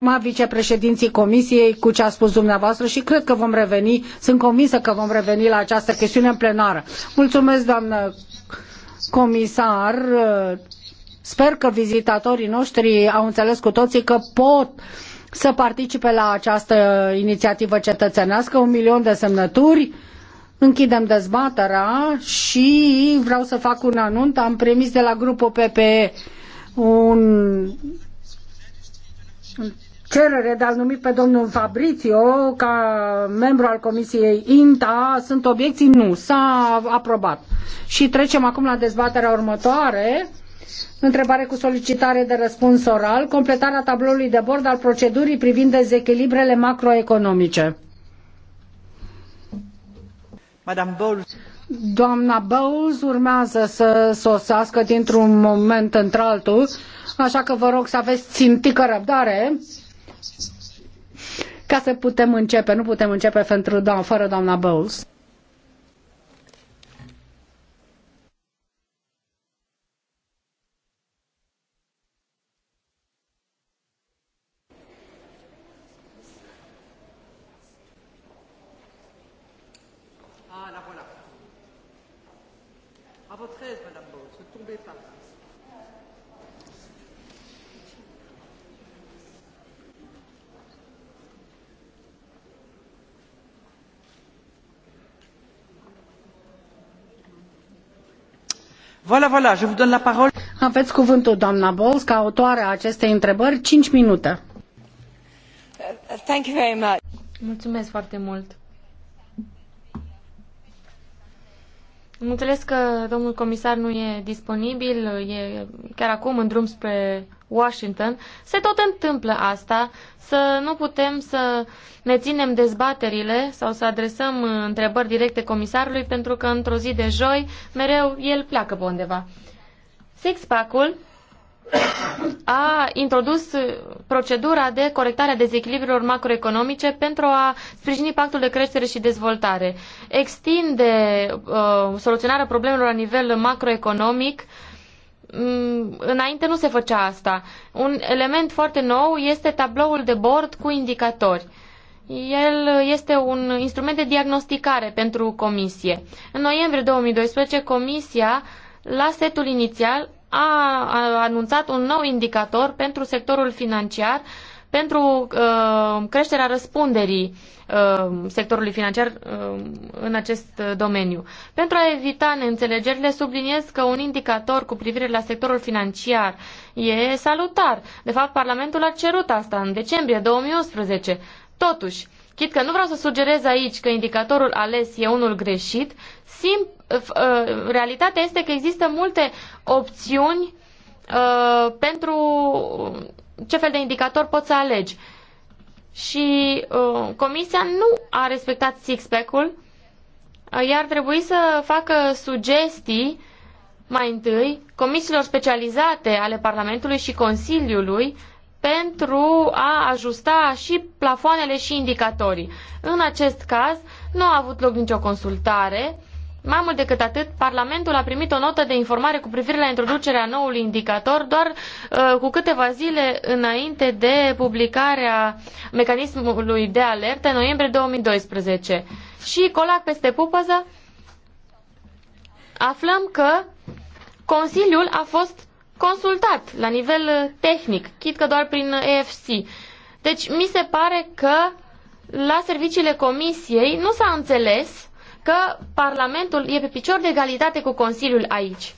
Ma vicepreședinții Comisiei cu ce a spus dumneavoastră și cred că vom reveni, sunt convinsă că vom reveni la această chestiune în plenară. Mulțumesc, doamnă comisar. Sper că vizitatorii noștri au înțeles cu toții că pot să participe la această inițiativă cetățenească, un milion de semnături. Închidem dezbaterea și vreau să fac un anunț. Am primit de la grupul PPE un cerere de a-l numi pe domnul Fabrizio ca membru al Comisiei INTA. Sunt obiecții? Nu. S-a aprobat. Și trecem acum la dezbaterea următoare. Întrebare cu solicitare de răspuns oral. Completarea tabloului de bord al procedurii privind dezechilibrele macroeconomice. Madame Bowles. Doamna Bowles urmează să sosească dintr-un moment într-altul, așa că vă rog să aveți țintică răbdare. Ca să putem începe, nu putem începe pentru doamna, fără doamna Bowles. À votre aise, Madame Bowles, ne tombez pas. Voilà, voilà, je vous donne la parole. Aveți cuvântul, doamna Bowles, ca autoare a acestei întrebări, 5 minute. Thank you very much. Mulțumesc foarte mult. Am înțeles că domnul comisar nu e disponibil, e chiar acum în drum spre Washington, se tot întâmplă asta, să nu putem să ne ținem dezbaterile sau să adresăm întrebări directe comisarului, pentru că într-o zi de joi mereu el pleacă pe undeva. Sixpack-ul a introdus procedura de corectare a dezechilibrilor macroeconomice pentru a sprijini pactul de creștere și dezvoltare. Extinde uh, soluționarea problemelor la nivel macroeconomic uh, Mm, înainte nu se făcea asta. Un element foarte nou este tabloul de bord cu indicatori. El este un instrument de diagnosticare pentru comisie. În noiembrie 2012, comisia, la setul inițial, a anunțat un nou indicator pentru sectorul financiar uh, pentru uh, creșterea răspunderii uh, sectorului financiar uh, în acest domeniu. Pentru a evita neînțelegerile, subliniez că un indicator cu privire la sectorul financiar e salutar. De fapt, Parlamentul a cerut asta în decembrie 2011. Totuși, chit că nu vreau să sugerez aici că indicatorul ales e unul greșit, sim, uh, realitatea este că există multe opțiuni uh, pentru ce fel de indicator poți să alegi. Și uh, comisia nu a respectat six-pack-ul, uh, iar trebuie să facă sugestii mai întâi comisiilor specializate ale Parlamentului și Consiliului pentru a ajusta și plafoanele și indicatorii. În acest caz, nu a avut loc nicio consultare, uh, mai mult decât atât, Parlamentul a primit o notă de informare cu privire la introducerea noului indicator doar uh, cu câteva zile înainte de publicarea mecanismului de alertă în noiembrie 2012. Și colac peste pupăză, aflăm că Consiliul a fost consultat la nivel uh, tehnic, chit că doar prin uh, EFC. Deci mi se pare că la serviciile Comisiei nu s-a înțeles că Parlamentul e pe picior de egalitate cu Consiliul aici.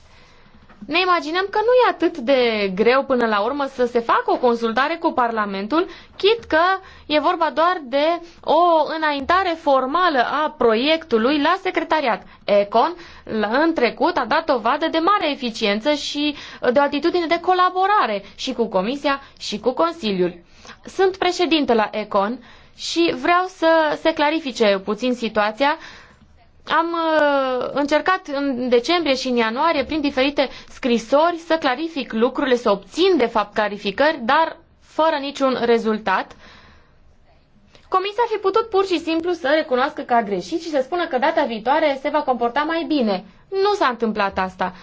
Ne imaginăm că nu e atât de greu până la urmă să se facă o consultare cu Parlamentul, chit că e vorba doar de o înaintare formală a proiectului la secretariat. Econ, în trecut, a dat o vadă de mare eficiență și de o atitudine de colaborare și cu Comisia și cu Consiliul. Sunt președinte la Econ și vreau să se clarifice puțin situația am uh, încercat în decembrie și în ianuarie, prin diferite scrisori, să clarific lucrurile, să obțin, de fapt, clarificări, dar fără niciun rezultat. Comisia ar fi putut pur și simplu să recunoască că a greșit și să spună că data viitoare se va comporta mai bine. Nu s-a întâmplat asta.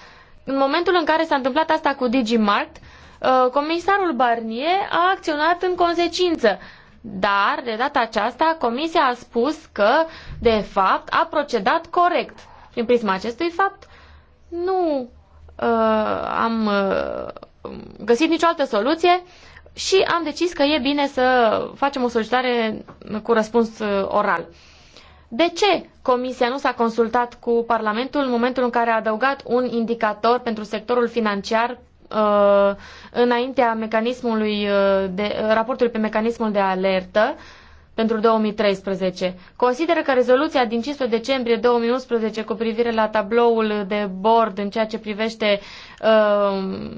În momentul în care s-a întâmplat asta cu DigiMart, uh, comisarul Barnier a acționat în consecință. Dar, de data aceasta, Comisia a spus că, de fapt, a procedat corect. Prin prisma acestui fapt, nu uh, am uh, găsit nicio altă soluție și am decis că e bine să facem o solicitare cu răspuns uh, oral. De ce Comisia nu s-a consultat cu Parlamentul în momentul în care a adăugat un indicator pentru sectorul financiar Uh, înaintea mecanismului uh, de, uh, raportului pe mecanismul de alertă pentru 2013. Consideră că rezoluția din 15 decembrie 2011 cu privire la tabloul de bord în ceea ce privește uh,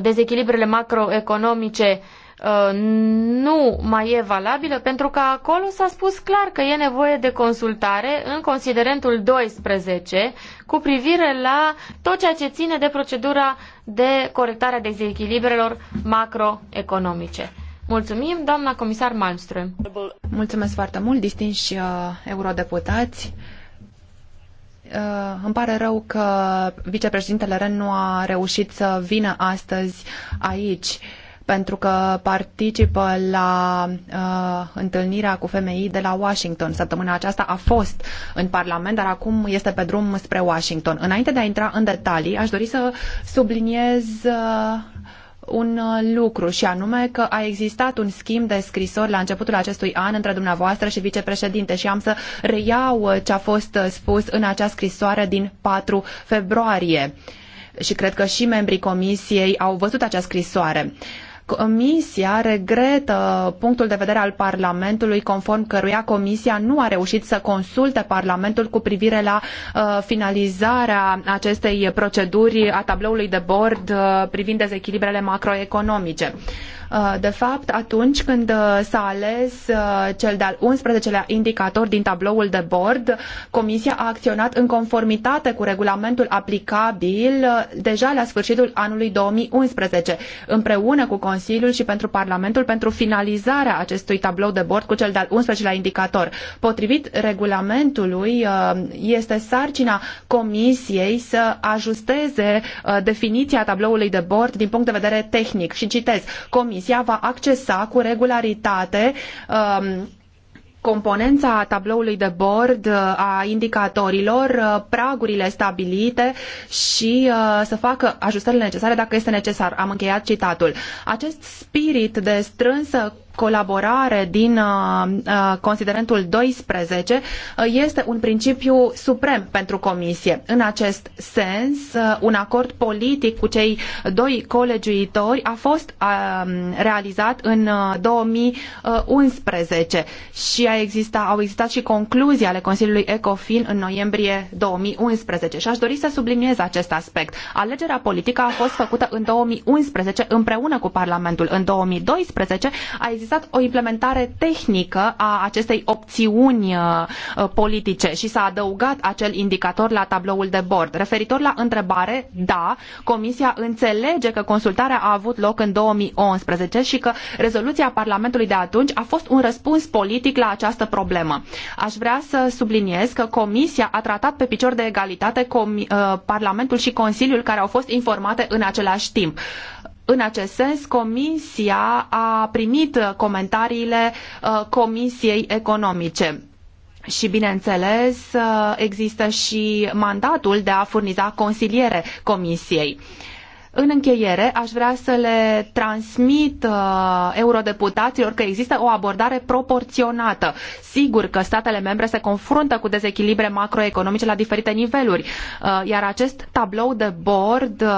dezechilibrele macroeconomice uh, Uh, nu mai e valabilă pentru că acolo s-a spus clar că e nevoie de consultare în considerentul 12 cu privire la tot ceea ce ține de procedura de corectare a dezechilibrelor macroeconomice. Mulțumim, doamna comisar Malmström. Mulțumesc foarte mult, distinși uh, eurodeputați. Uh, îmi pare rău că vicepreședintele Ren nu a reușit să vină astăzi aici. Uh, pentru că participă la uh, întâlnirea cu femei de la Washington. Săptămâna aceasta a fost în Parlament, dar acum este pe drum spre Washington. Înainte de a intra în detalii, aș dori să subliniez uh, un uh, lucru și anume că a existat un schimb de scrisori la începutul acestui an între dumneavoastră și vicepreședinte și am să reiau uh, ce a fost uh, spus în acea scrisoare din 4 februarie. Și cred că și membrii comisiei au văzut acea scrisoare. Uh, Comisia regretă punctul de vedere al Parlamentului conform căruia Comisia nu a reușit să consulte Parlamentul cu privire la uh, finalizarea acestei proceduri a tabloului de bord uh, privind dezechilibrele macroeconomice. Uh, Uh, de fapt, atunci când uh, s-a ales uh, cel de-al 11-lea indicator din tabloul de bord, Comisia a acționat în conformitate cu regulamentul aplicabil deja la sfârșitul anului 2011, împreună cu Consiliul și pentru Parlamentul pentru finalizarea acestui tablou de bord cu cel de-al 11-lea indicator. Potrivit regulamentului, este sarcina Comisiei să ajusteze definiția tabloului de bord din punct de vedere tehnic. Și citez, Comisia Comisia va accesa cu regularitate um, componența tabloului de bord uh, a indicatorilor, uh, pragurile stabilite și uh, să facă ajustările necesare dacă este necesar. Am încheiat citatul. Acest spirit de strânsă colaborare din uh, uh, considerentul 12 uh, este un principiu suprem pentru Comisie. În acest sens, un acord politic cu cei doi colegiuitori a fost realizat în 2011 și a exista, au existat și concluzii ale Consiliului ECOFIN în noiembrie 2011 și aș dori să subliniez acest aspect. Alegerea politică a fost făcută în 2011 împreună cu Parlamentul. În 2012 a existat existat o implementare tehnică a acestei opțiuni uh, uh, politice și s-a adăugat acel indicator la tabloul de bord. Referitor la întrebare, da, Comisia înțelege că consultarea a avut loc în 2011 și că rezoluția Parlamentului de atunci a fost un răspuns politic la această problemă. Aș vrea să subliniez că Comisia a tratat pe picior de egalitate uh, Parlamentul și Consiliul care au fost informate în același timp. În acest sens, Comisia a primit comentariile uh, Comisiei Economice. Și, bineînțeles, uh, există și mandatul de a furniza consiliere Comisiei. În încheiere, aș vrea să le transmit uh, eurodeputaților că există o abordare proporționată. Sigur că statele membre se confruntă cu dezechilibre macroeconomice la diferite niveluri, uh, iar acest tablou de bord uh,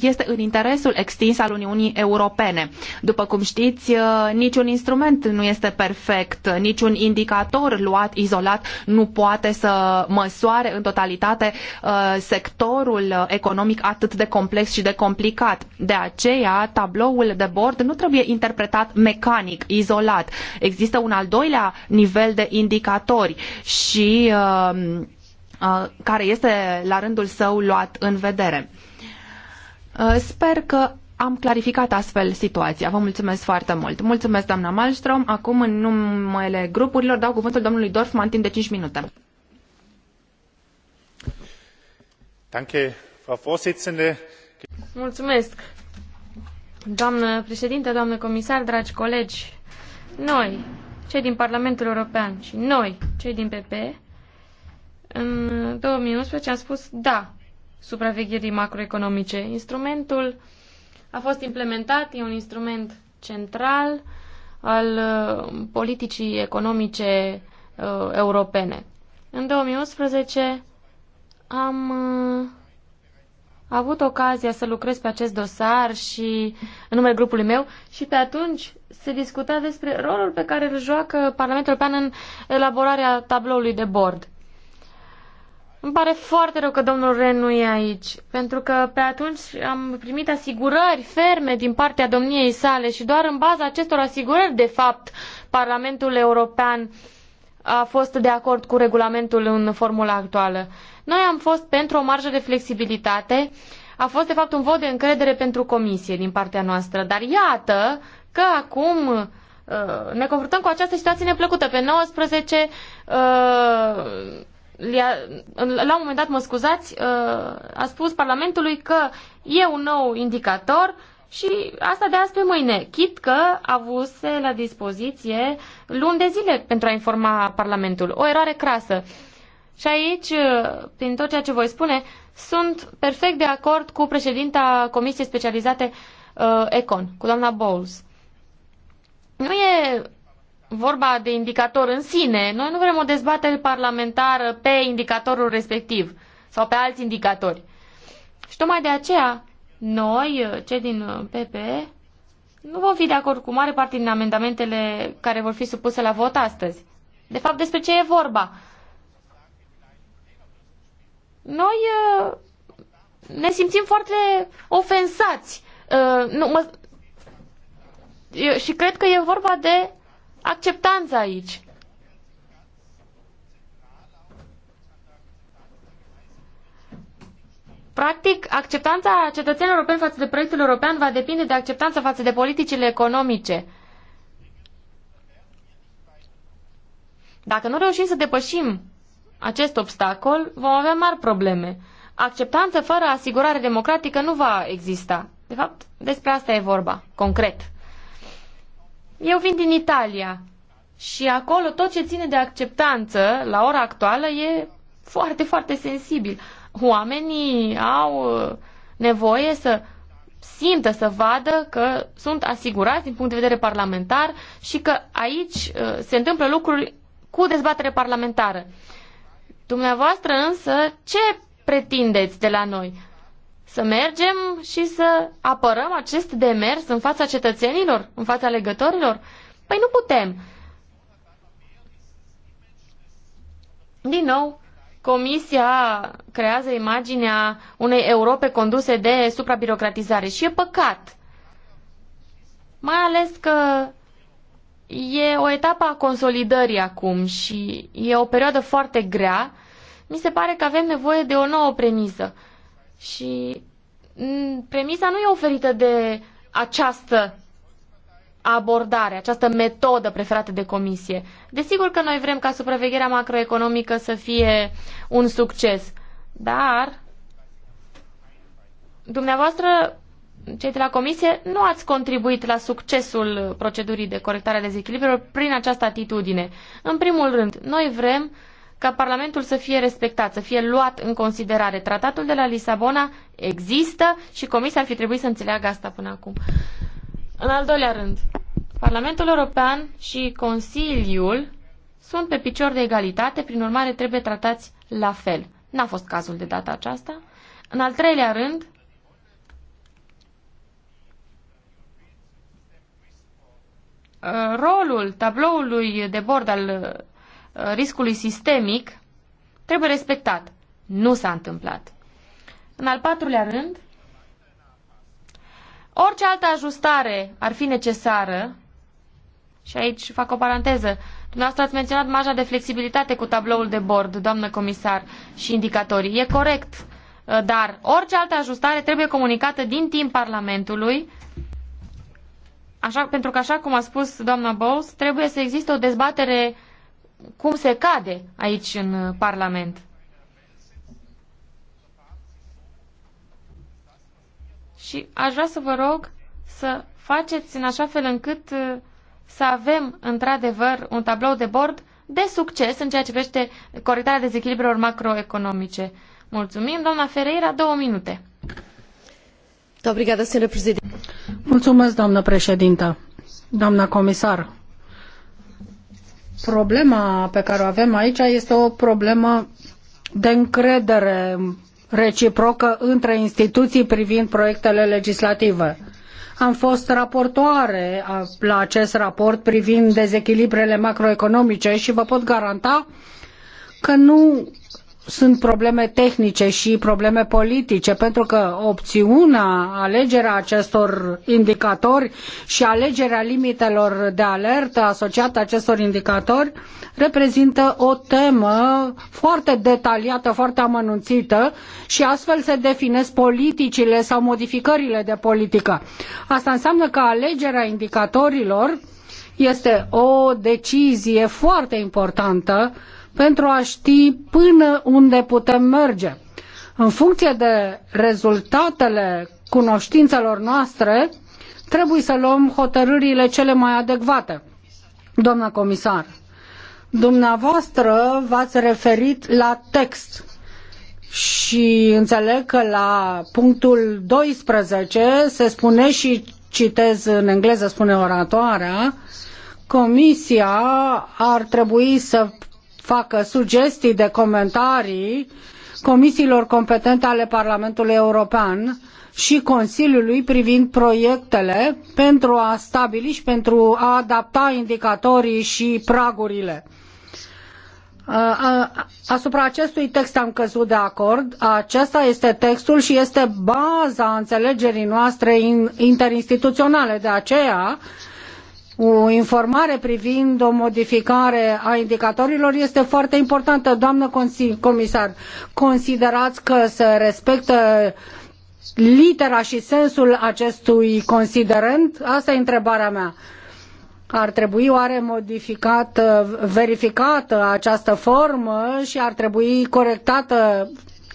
este în interesul extins al Uniunii Europene. După cum știți, uh, niciun instrument nu este perfect, niciun indicator luat izolat nu poate să măsoare în totalitate uh, sectorul economic atât de complex și de complex complicat. De aceea, tabloul de bord nu trebuie interpretat mecanic, izolat. Există un al doilea nivel de indicatori și uh, uh, care este la rândul său luat în vedere. Uh, sper că am clarificat astfel situația. Vă mulțumesc foarte mult. Mulțumesc, doamna Malmström. Acum, în numele grupurilor, dau cuvântul domnului Dorfman timp de 5 minute. Danke, Frau Vorsitzende. Mulțumesc. Doamnă președinte, doamnă comisar, dragi colegi, noi, cei din Parlamentul European și noi, cei din PP, în 2011 am spus da supravegherii macroeconomice. Instrumentul a fost implementat, e un instrument central al uh, politicii economice uh, europene. În 2011 am uh, a avut ocazia să lucrez pe acest dosar și în numele grupului meu și pe atunci se discuta despre rolul pe care îl joacă Parlamentul European în elaborarea tabloului de bord. Îmi pare foarte rău că domnul Ren nu e aici, pentru că pe atunci am primit asigurări ferme din partea domniei sale și doar în baza acestor asigurări, de fapt, Parlamentul European uh, a fost de acord cu regulamentul în formula actuală. Noi am fost pentru o marjă de flexibilitate. A fost, de fapt, un vot de încredere pentru comisie din partea noastră. Dar iată că acum uh, ne confruntăm cu această situație neplăcută. Pe 19, uh, la un moment dat, mă scuzați, uh, a spus Parlamentului că e un nou indicator și asta de azi pe mâine, chit că avuse la dispoziție luni de zile pentru a informa Parlamentul. O eroare crasă. Și aici, prin tot ceea ce voi spune, sunt perfect de acord cu președinta Comisiei Specializate uh, Econ, cu doamna Bowles. Nu e vorba de indicator în sine. Noi nu vrem o dezbatere parlamentară pe indicatorul respectiv sau pe alți indicatori. Și tocmai de aceea noi, cei din PP, nu vom fi de acord cu mare parte din amendamentele care vor fi supuse la vot astăzi. De fapt, despre ce e vorba? Noi uh, ne simțim foarte ofensați. Uh, nu, mă... Și cred că e vorba de acceptanță aici. Practic, acceptanța cetățenilor europeni față de proiectul european va depinde de acceptanța față de politicile economice. Dacă nu reușim să depășim acest obstacol, vom avea mari probleme. Acceptanță fără asigurare democratică nu va exista. De fapt, despre asta e vorba, concret. Eu vin din Italia și acolo tot ce ține de acceptanță, la ora actuală, e foarte, foarte sensibil oamenii au uh, nevoie să simtă, să vadă că sunt asigurați din punct de vedere parlamentar și că aici uh, se întâmplă lucruri cu dezbatere parlamentară. Dumneavoastră însă, ce pretindeți de la noi? Să mergem și să apărăm acest demers în fața cetățenilor, în fața legătorilor? Păi nu putem. Din nou, Comisia creează imaginea unei Europe conduse de suprabirocratizare și e păcat. Mai ales că e o etapă a consolidării acum și e o perioadă foarte grea. Mi se pare că avem nevoie de o nouă premisă. Și premisa nu e oferită de această abordare, această metodă preferată de comisie. Desigur că noi vrem ca supravegherea macroeconomică să fie un succes, dar dumneavoastră, cei de la comisie, nu ați contribuit la succesul procedurii de corectare a dezechilibrelor prin această atitudine. În primul rând, noi vrem ca Parlamentul să fie respectat, să fie luat în considerare. Tratatul de la Lisabona există și Comisia ar fi trebuit să înțeleagă asta până acum. În al doilea rând, Parlamentul European și Consiliul sunt pe picior de egalitate, prin urmare trebuie tratați la fel. N-a fost cazul de data aceasta. În al treilea rând, rolul tabloului de bord al uh, riscului sistemic trebuie respectat. Nu s-a întâmplat. În al patrulea rând, Orice altă ajustare ar fi necesară, și aici fac o paranteză, dumneavoastră ați menționat marja de flexibilitate cu tabloul de bord, doamnă comisar, și indicatorii. E corect, uh, dar orice altă ajustare trebuie comunicată din timp Parlamentului, așa, pentru că, așa cum a spus doamna Bowles, trebuie să existe o dezbatere cum se cade aici în uh, Parlament. și aș vrea să vă rog să faceți în așa fel încât uh, să avem într-adevăr un tablou de bord de succes în ceea ce privește corectarea dezechilibrelor macroeconomice. Mulțumim, doamna Ferreira, două minute. Mulțumesc, doamnă președintă, doamna comisar. Problema pe care o avem aici este o problemă de încredere reciprocă între instituții privind proiectele legislative. Am fost raportoare la acest raport privind dezechilibrele macroeconomice și vă pot garanta că nu sunt probleme tehnice și probleme politice, pentru că opțiunea, alegerea acestor indicatori și alegerea limitelor de alertă asociate acestor indicatori reprezintă o temă foarte detaliată, foarte amănunțită și astfel se definesc politicile sau modificările de politică. Asta înseamnă că alegerea indicatorilor este o decizie foarte importantă pentru a ști până unde putem merge. În funcție de rezultatele cunoștințelor noastre, trebuie să luăm hotărârile cele mai adecvate. Doamna comisar, dumneavoastră v-ați referit la text și înțeleg că la punctul 12 se spune și citez în engleză, spune oratoarea, Comisia ar trebui să facă sugestii de comentarii comisiilor competente ale Parlamentului European și Consiliului privind proiectele pentru a stabili și pentru a adapta indicatorii și pragurile. Asupra acestui text am căzut de acord. Acesta este textul și este baza înțelegerii noastre interinstituționale. De aceea, o informare privind o modificare a indicatorilor este foarte importantă. Doamnă comisar, considerați că se respectă litera și sensul acestui considerent? Asta e întrebarea mea. Ar trebui oare modificată, verificată această formă și ar trebui corectată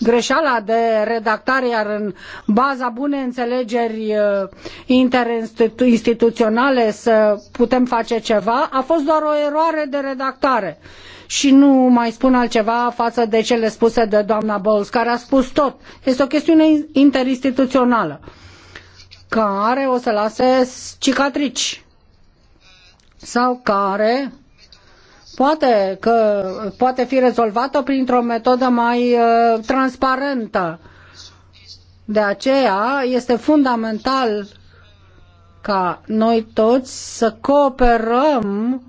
greșeala de redactare, iar în baza bunei înțelegeri uh, interinstituționale să putem face ceva, a fost doar o eroare de redactare. Și nu mai spun altceva față de cele spuse de doamna Bowles, care a spus tot. Este o chestiune interinstituțională care o să lase cicatrici sau care poate, că, poate fi rezolvată printr-o metodă mai uh, transparentă. De aceea este fundamental ca noi toți să cooperăm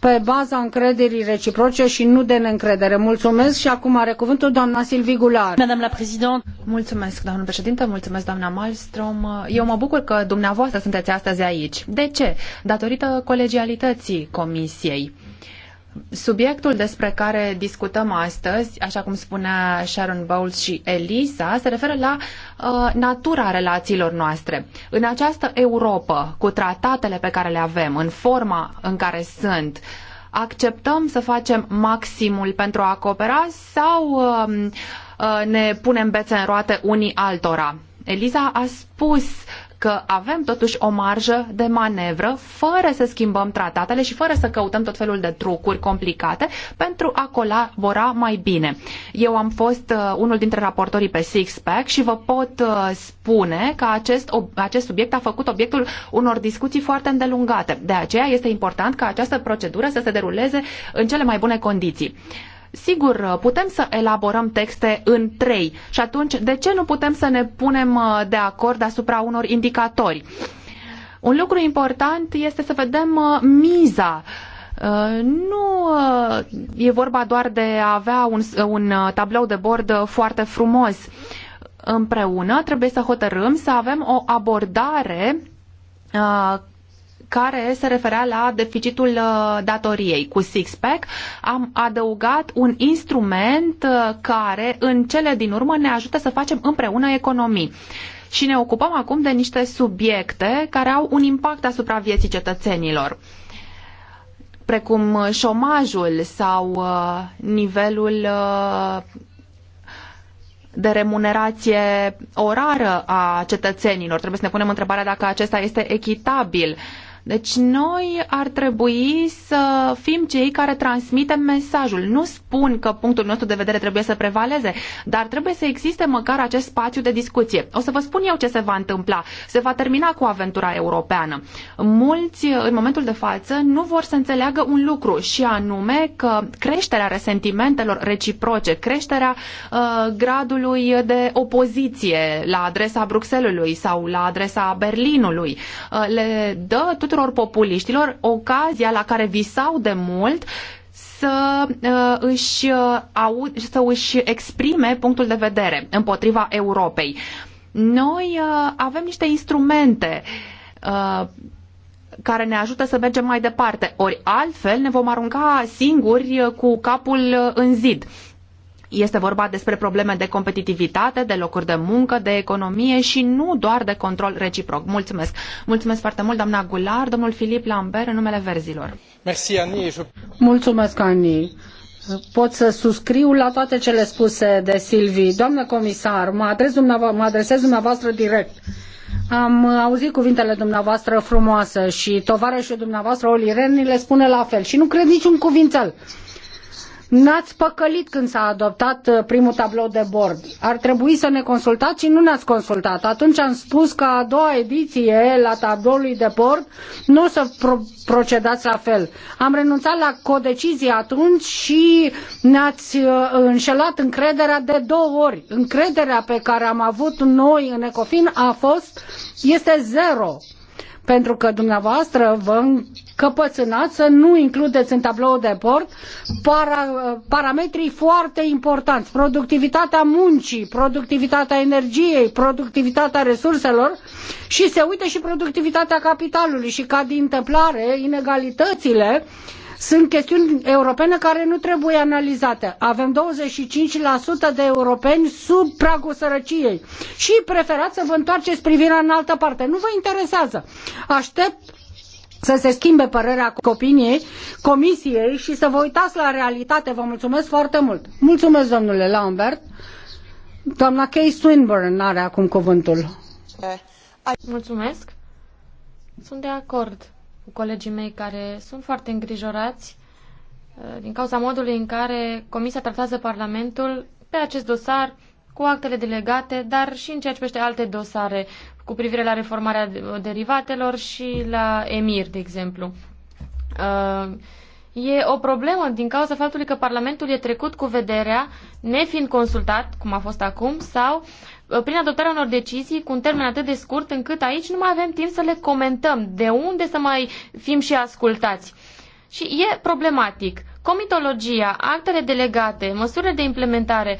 pe baza încrederii reciproce și nu de neîncredere. Mulțumesc și acum are cuvântul doamna Silvi Gular. Doamna la Mulțumesc, doamna președinte, mulțumesc, doamna Malmström. Eu mă bucur că dumneavoastră sunteți astăzi aici. De ce? Datorită colegialității comisiei Subiectul despre care discutăm astăzi, așa cum spunea Sharon Bowles și Elisa, se referă la uh, natura relațiilor noastre. În această Europa, cu tratatele pe care le avem, în forma în care sunt, acceptăm să facem maximul pentru a coopera sau uh, uh, ne punem bețe în roate unii altora? Eliza a spus uh, că avem totuși o marjă de manevră fără să schimbăm tratatele și fără să căutăm tot felul de trucuri complicate pentru a colabora mai bine. Eu am fost uh, unul dintre raportorii pe Sixpack și vă pot uh, spune că acest, acest subiect a făcut obiectul unor discuții foarte îndelungate. De aceea este important ca această procedură să se deruleze în cele mai bune condiții. Sigur, uh, putem să elaborăm texte în trei și atunci de ce nu putem să ne punem uh, de acord asupra unor indicatori? Un lucru important este să vedem uh, miza. Nu e vorba doar de a avea un, un tablou de bord foarte frumos. Împreună trebuie să hotărâm să avem o abordare care se referea la deficitul uh, datoriei. Cu Sixpack am adăugat un instrument uh, care în cele din urmă ne ajută să facem împreună economii și ne ocupăm acum de niște subiecte care au un impact asupra vieții cetățenilor, precum uh, șomajul sau nivelul de remunerație orară a cetățenilor. Trebuie să ne punem întrebarea dacă acesta este echitabil. Uh, deci noi ar trebui să fim cei care transmitem mesajul. Nu spun că punctul nostru de vedere trebuie să prevaleze, dar trebuie să existe măcar acest spațiu de discuție. O să vă spun eu ce se va întâmpla. Se va termina cu aventura europeană. Mulți, în momentul de față, nu vor să înțeleagă un lucru și anume că creșterea resentimentelor reciproce, creșterea uh, gradului de opoziție la adresa Bruxelului sau la adresa Berlinului, uh, le dă tuturor tuturor populiștilor ocazia la care visau de mult să, uh, își, uh, au, să își exprime punctul de vedere împotriva Europei. Noi uh, avem niște instrumente uh, care ne ajută să mergem mai departe. Ori altfel ne vom arunca singuri uh, cu capul uh, în zid. Este vorba despre probleme de competitivitate, de locuri de muncă, de economie și nu doar de control reciproc. Mulțumesc! Mulțumesc foarte mult, doamna Gular, domnul Filip Lambert, în numele verzilor. Merci, Annie. Mulțumesc, Ani. Pot să suscriu la toate cele spuse de Silvi. Doamnă comisar, mă, adres dumneavoastră, mă adresez dumneavoastră direct. Am auzit cuvintele dumneavoastră frumoase și tovarășul dumneavoastră, Oli Ren, le spune la fel și nu cred niciun cuvințel n-ați păcălit când s-a adoptat uh, primul tablou de bord. Ar trebui să ne consultați și nu ne-ați consultat. Atunci am spus că a doua ediție la tabloului de bord nu o să pro- procedați la fel. Am renunțat la codecizie atunci și ne-ați uh, înșelat încrederea de două ori. Încrederea pe care am avut noi în Ecofin a fost, este zero pentru că dumneavoastră vă încăpățânați să nu includeți în tabloul de bord para, parametrii foarte importanți, productivitatea muncii, productivitatea energiei, productivitatea resurselor și se uită și productivitatea capitalului și ca din întâmplare inegalitățile uh, sunt chestiuni europene care nu trebuie analizate. Avem 25% de europeni sub pragul sărăciei și preferați să vă întoarceți privirea în altă parte. Nu vă interesează. Aștept să se schimbe părerea copiniei, comisiei și să vă uitați la realitate. Vă mulțumesc foarte mult. Mulțumesc, domnule Lambert. Doamna Kay Swinburne are acum cuvântul. Mulțumesc. Sunt de acord cu colegii mei care sunt foarte îngrijorați uh, din cauza modului în care Comisia tratează Parlamentul pe acest dosar cu actele delegate, dar și în ceea ce privește alte dosare cu privire la reformarea uh, derivatelor și la EMIR, de exemplu. Uh, e o problemă din cauza faptului că Parlamentul e trecut cu vederea, nefiind consultat, cum a fost acum, sau uh, prin adoptarea unor decizii cu un termen atât de scurt încât aici nu mai avem timp să le comentăm. De unde să mai fim și ascultați? Și e problematic. Comitologia, actele delegate, măsurile de implementare,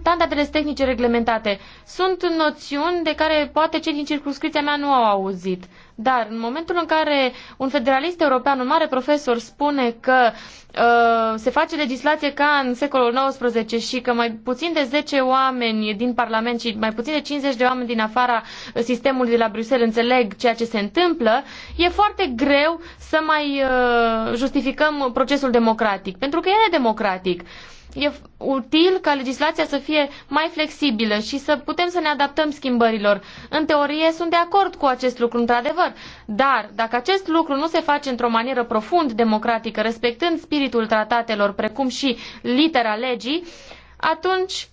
Standardele tehnice reglementate sunt noțiuni de care poate cei din circunscripția mea nu au auzit. Dar în momentul în care un federalist european, un mare profesor, spune că uh, se face legislație ca în secolul XIX și că mai puțin de 10 oameni din Parlament și mai puțin de 50 de oameni din afara sistemului de la Bruxelles înțeleg ceea ce se întâmplă, e foarte greu să mai uh, justificăm procesul democratic. Pentru că el e democratic. Uh, e util ca legislația să fie mai flexibilă și să putem să ne adaptăm schimbărilor. În teorie sunt de acord cu acest lucru, într-adevăr, dar dacă acest lucru nu se face într-o manieră profund democratică, respectând spiritul tratatelor, precum și litera legii, atunci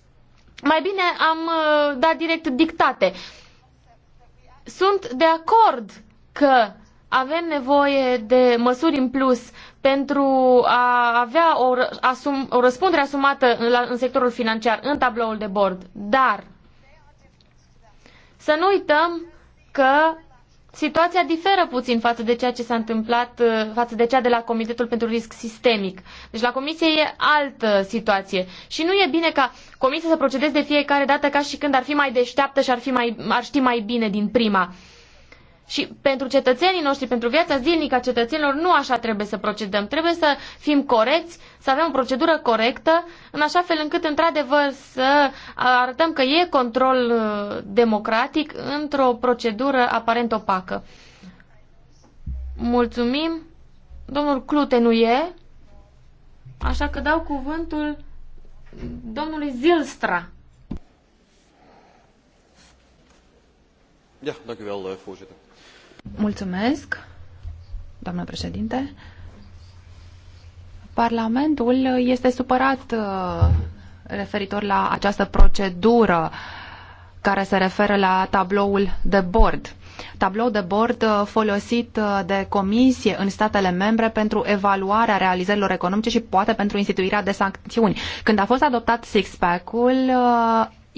mai bine am uh, dat direct dictate. Sunt de acord că avem nevoie de măsuri în plus pentru a avea o, asum, o răspundere asumată în, la, în sectorul financiar, în tabloul de bord. Dar să nu uităm că situația diferă puțin față de ceea ce s-a întâmplat, uh, față de cea de la Comitetul pentru Risc Sistemic. Deci la Comisie e altă situație. Și nu e bine ca Comisia să procedeze de fiecare dată ca și când ar fi mai deșteaptă și ar, fi mai, ar ști mai bine din prima. Uh, și pentru cetățenii noștri, pentru viața zilnică a cetățenilor, nu așa trebuie să procedăm. Trebuie să fim corecți, să avem o procedură corectă, în așa fel încât, într-adevăr, să arătăm că e control uh, democratic într-o procedură aparent opacă. Mulțumim. Domnul Clute nu e, așa că dau cuvântul domnului Zilstra. Ja, dank u wel, eh, voorzitter. Mulțumesc, doamnă președinte. Parlamentul este supărat uh, referitor la această procedură care se referă la tabloul de bord. Tablou de bord uh, folosit uh, de comisie în statele membre pentru evaluarea realizărilor economice și poate pentru instituirea de sancțiuni. Când a fost adoptat six-pack-ul,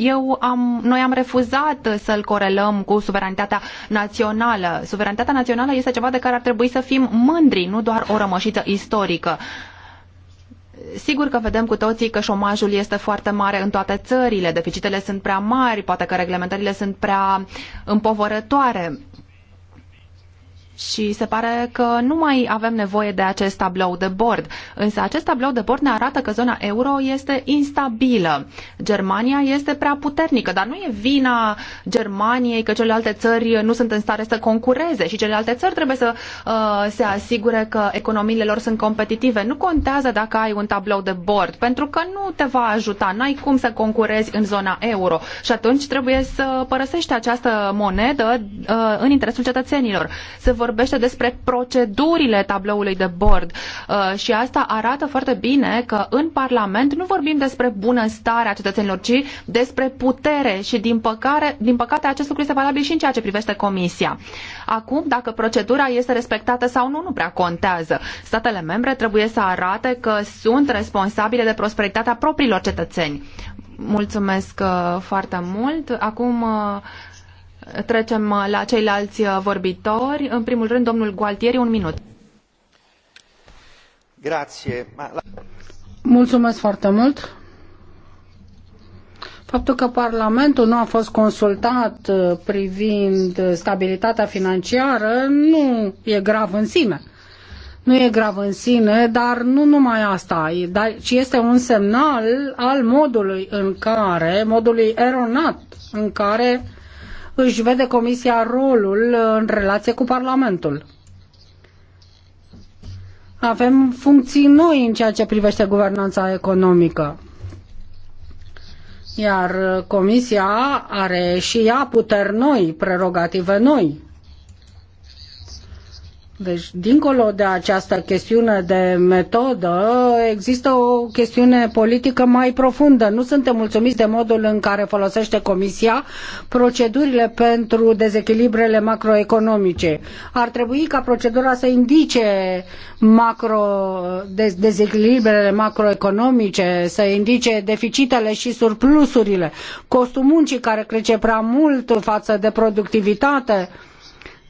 eu am, noi am refuzat să-l corelăm cu suveranitatea națională. Suveranitatea națională este ceva de care ar trebui să fim mândri, nu doar o rămășiță istorică. Sigur că vedem cu toții că șomajul este foarte mare în toate țările, deficitele sunt prea mari, poate că reglementările sunt prea împovărătoare și se pare că nu mai avem nevoie de acest tablou de bord. Însă acest tablou de bord ne arată că zona euro este instabilă. Germania este prea puternică, dar nu e vina Germaniei că celelalte țări nu sunt în stare să concureze și celelalte țări trebuie să uh, se asigure că economiile lor sunt competitive. Nu contează dacă ai un tablou de bord, pentru că nu te va ajuta, n-ai cum să concurezi în zona euro și atunci trebuie să părăsești această monedă uh, în interesul cetățenilor. Se vor vorbește despre procedurile tabloului de bord uh, și asta arată foarte bine că în Parlament nu vorbim despre bunăstarea cetățenilor, ci despre putere și din, păcare, din păcate acest lucru este valabil și în ceea ce privește Comisia. Acum, dacă procedura este respectată sau nu, nu prea contează. Statele membre trebuie să arate că sunt responsabile de prosperitatea propriilor cetățeni. Mulțumesc uh, foarte mult. Acum uh, Trecem uh, la ceilalți uh, vorbitori. În primul rând, domnul Gualtieri, un minut. Grație. Mulțumesc foarte mult. Faptul că Parlamentul nu a fost consultat uh, privind stabilitatea financiară nu e grav în sine. Nu e grav în sine, dar nu numai asta, ci este un semnal al modului în care, modului eronat în care își vede Comisia rolul în relație cu Parlamentul. Avem funcții noi în ceea ce privește guvernanța economică. Iar Comisia are și ea puteri noi, prerogative noi. Deci, dincolo de această chestiune de metodă, există o chestiune politică mai profundă. Nu suntem mulțumiți de modul în care folosește Comisia procedurile pentru dezechilibrele macroeconomice. Ar trebui ca procedura să indice macro, dezechilibrele macroeconomice, să indice deficitele și surplusurile, costul muncii care crește prea mult față de productivitate,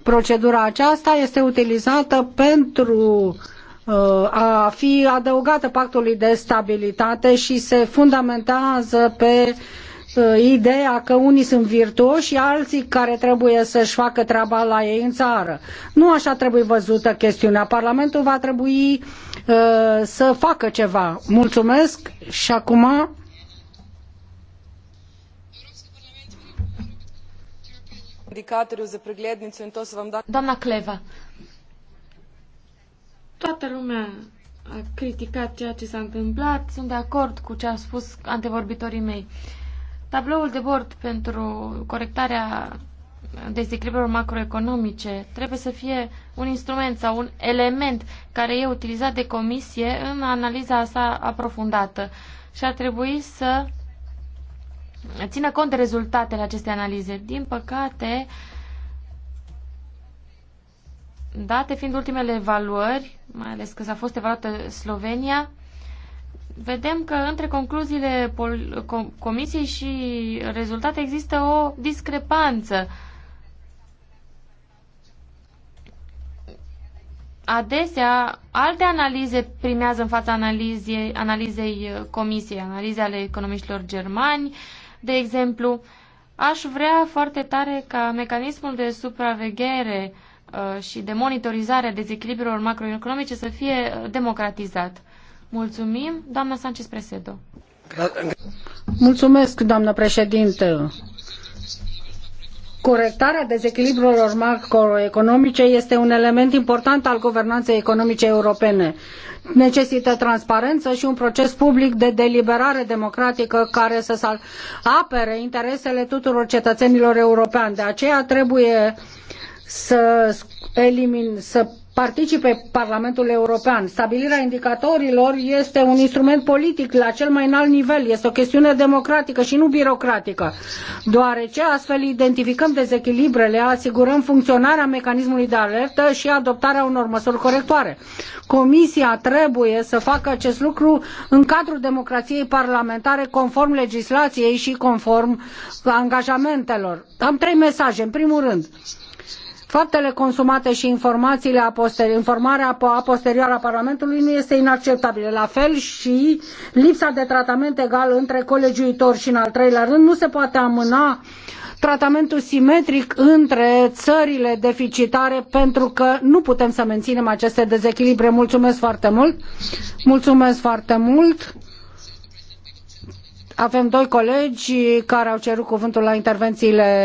Procedura aceasta este utilizată pentru uh, a fi adăugată pactului de stabilitate și se fundamentează pe uh, ideea că unii sunt virtuoși și alții care trebuie să-și facă treaba la ei în țară. Nu așa trebuie văzută chestiunea. Parlamentul va trebui uh, să facă ceva. Mulțumesc și acum indikatorjev za preglednicu in to se vam da. Doamna Cleva, toată lumea a criticat ceea ce s-a întâmplat. Sunt de acord cu ce au spus antevorbitorii mei. Tabloul de bord pentru corectarea dezechilibrelor macroeconomice trebuie să fie un instrument sau un element care e utilizat de comisie în analiza sa aprofundată și ar trebui să țină cont de rezultatele acestei analize. Din păcate, date fiind ultimele evaluări, mai ales că s-a fost evaluată Slovenia, vedem că între concluziile comisiei și rezultate există o discrepanță. Adesea, alte analize primează în fața analizei, analizei uh, comisiei, analize ale economiștilor germani, uh, de exemplu, aș vrea foarte tare ca mecanismul de supraveghere uh, și de monitorizare a dezechilibrelor macroeconomice să fie uh, democratizat. Mulțumim, doamna Sanchez Presedo. Mulțumesc, doamnă președinte corectarea dezechilibrelor macroeconomice este un element important al guvernanței economice europene. Necesită transparență și un proces public de deliberare democratică care să apere interesele tuturor cetățenilor europeni. De aceea trebuie să, elimin, să participe Parlamentul European. Stabilirea indicatorilor este un instrument politic la cel mai înalt nivel, este o chestiune democratică și nu birocratică, deoarece astfel identificăm dezechilibrele, asigurăm funcționarea mecanismului de alertă și adoptarea unor măsuri corectoare. Comisia trebuie să facă acest lucru în cadrul democrației parlamentare, conform legislației și conform angajamentelor. Am trei mesaje. În primul rând, Faptele consumate și informațiile a posteri- informarea a posterioară a Parlamentului nu este inacceptabilă. La fel și lipsa de tratament egal între colegiuitori și în al treilea rând nu se poate amâna tratamentul simetric între țările deficitare pentru că nu putem să menținem aceste dezechilibre. Mulțumesc foarte mult! Mulțumesc foarte mult! Avem doi colegi care au cerut cuvântul la intervențiile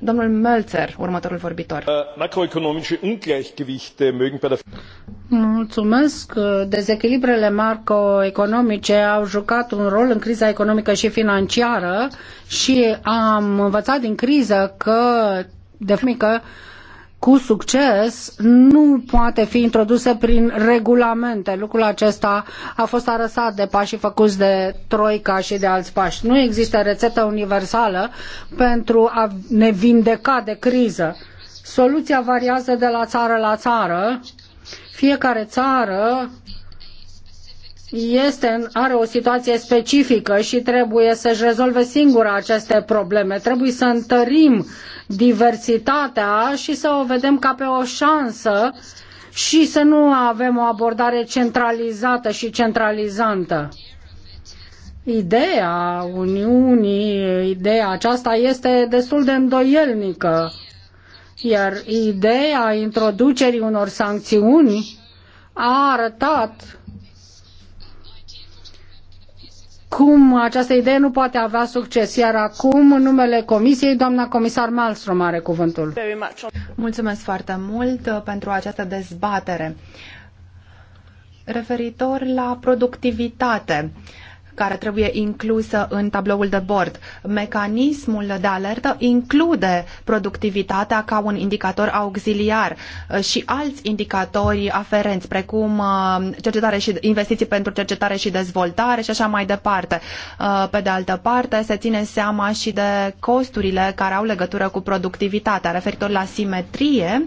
Domnul Melzer, următorul vorbitor. Äh, macroeconomice ungleichgewichte mögen bei der Mulțumesc. Dezechilibrele macroeconomice au jucat un rol în criza economică și financiară și am învățat din criză că de mică cu succes nu poate fi introdusă prin regulamente. Lucrul acesta a fost arăsat de pașii făcuți de Troica și de alți pași. Nu există rețetă universală pentru a ne vindeca de criză. Soluția variază de la țară la țară. Fiecare țară este, are o situație specifică și trebuie să-și rezolve singură aceste probleme. Trebuie să întărim diversitatea și să o vedem ca pe o șansă și să nu avem o abordare centralizată și centralizantă. Ideea Uniunii, ideea aceasta este destul de îndoielnică, iar ideea introducerii unor sancțiuni a arătat cum această idee nu poate avea succes. Iar acum, în numele Comisiei, doamna comisar Malmström are cuvântul. Mulțumesc foarte mult uh, pentru această dezbatere. Referitor la productivitate, uh, care trebuie inclusă în tabloul de bord. Mecanismul de alertă include productivitatea ca un indicator auxiliar uh, și alți indicatori aferenți, precum uh, cercetare și investiții pentru cercetare și dezvoltare și așa mai departe. Uh, pe de altă parte, se ține seama și de costurile care au legătură cu productivitatea. Referitor la simetrie,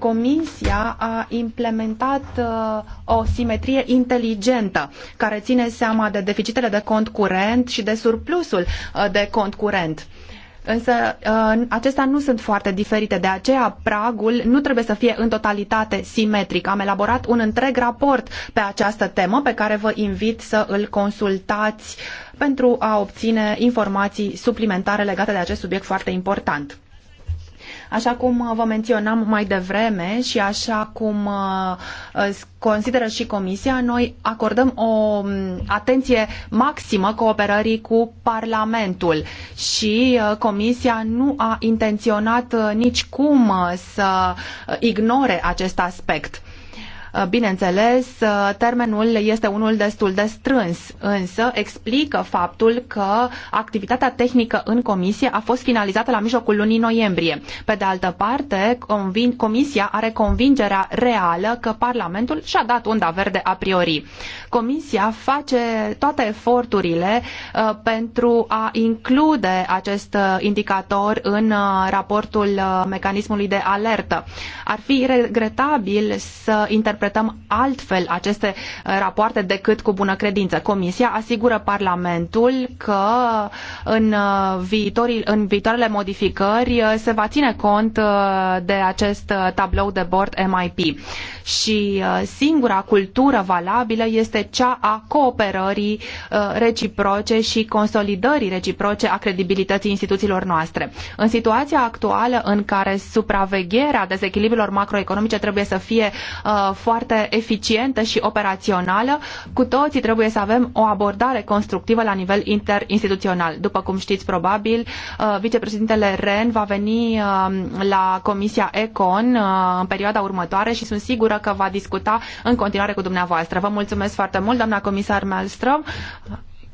Comisia a implementat uh, o simetrie inteligentă care ține seama de deficitele de cont curent și de surplusul uh, de cont curent. Însă uh, acestea nu sunt foarte diferite, de aceea pragul nu trebuie să fie în totalitate simetric. Am elaborat un întreg raport pe această temă pe care vă invit să îl consultați pentru a obține informații suplimentare legate de acest subiect foarte important. Așa cum uh, vă menționam mai devreme și așa cum uh, uh, consideră și Comisia, noi acordăm o mm, atenție maximă cooperării cu Parlamentul și Comisia nu a intenționat nicicum să ignore acest aspect. Uh, bineînțeles, uh, termenul este unul destul de strâns, însă explică faptul că activitatea tehnică în comisie a fost finalizată la mijlocul lunii noiembrie. Pe de altă parte, comisia are convingerea reală că Parlamentul și-a dat unda verde a priori. Comisia face toate eforturile uh, pentru a include acest indicator în raportul mecanismului de alertă. Ar fi regretabil să interpretăm interpretăm altfel aceste uh, rapoarte decât cu bună credință. Comisia asigură Parlamentul că în, uh, viitorii, în viitoarele modificări uh, se va ține cont de acest tablou de bord MIP. Și singura cultură valabilă este cea a cooperării reciproce și consolidării reciproce a credibilității instituțiilor noastre. În situația actuală în care supravegherea dezechilibrilor macroeconomice trebuie să fie uh, foarte eficientă și operațională, cu toții trebuie să avem o abordare constructivă la nivel interinstituțional. După cum știți probabil, uh, vicepreședintele Ren va veni um, la Comisia Econ uh, în perioada următoare și sunt sigură că va discuta în continuare cu dumneavoastră. Vă mulțumesc foarte mult, doamna comisar Malmström.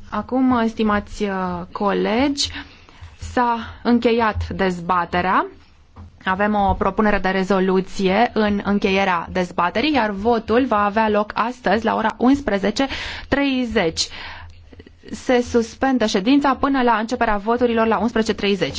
Acum, uh, stimați colegi, s-a încheiat dezbaterea. Avem o propunere de rezoluție în încheierea dezbaterii, iar votul va avea loc astăzi la ora 11.30. Se suspendă ședința până la începerea voturilor la 11.30.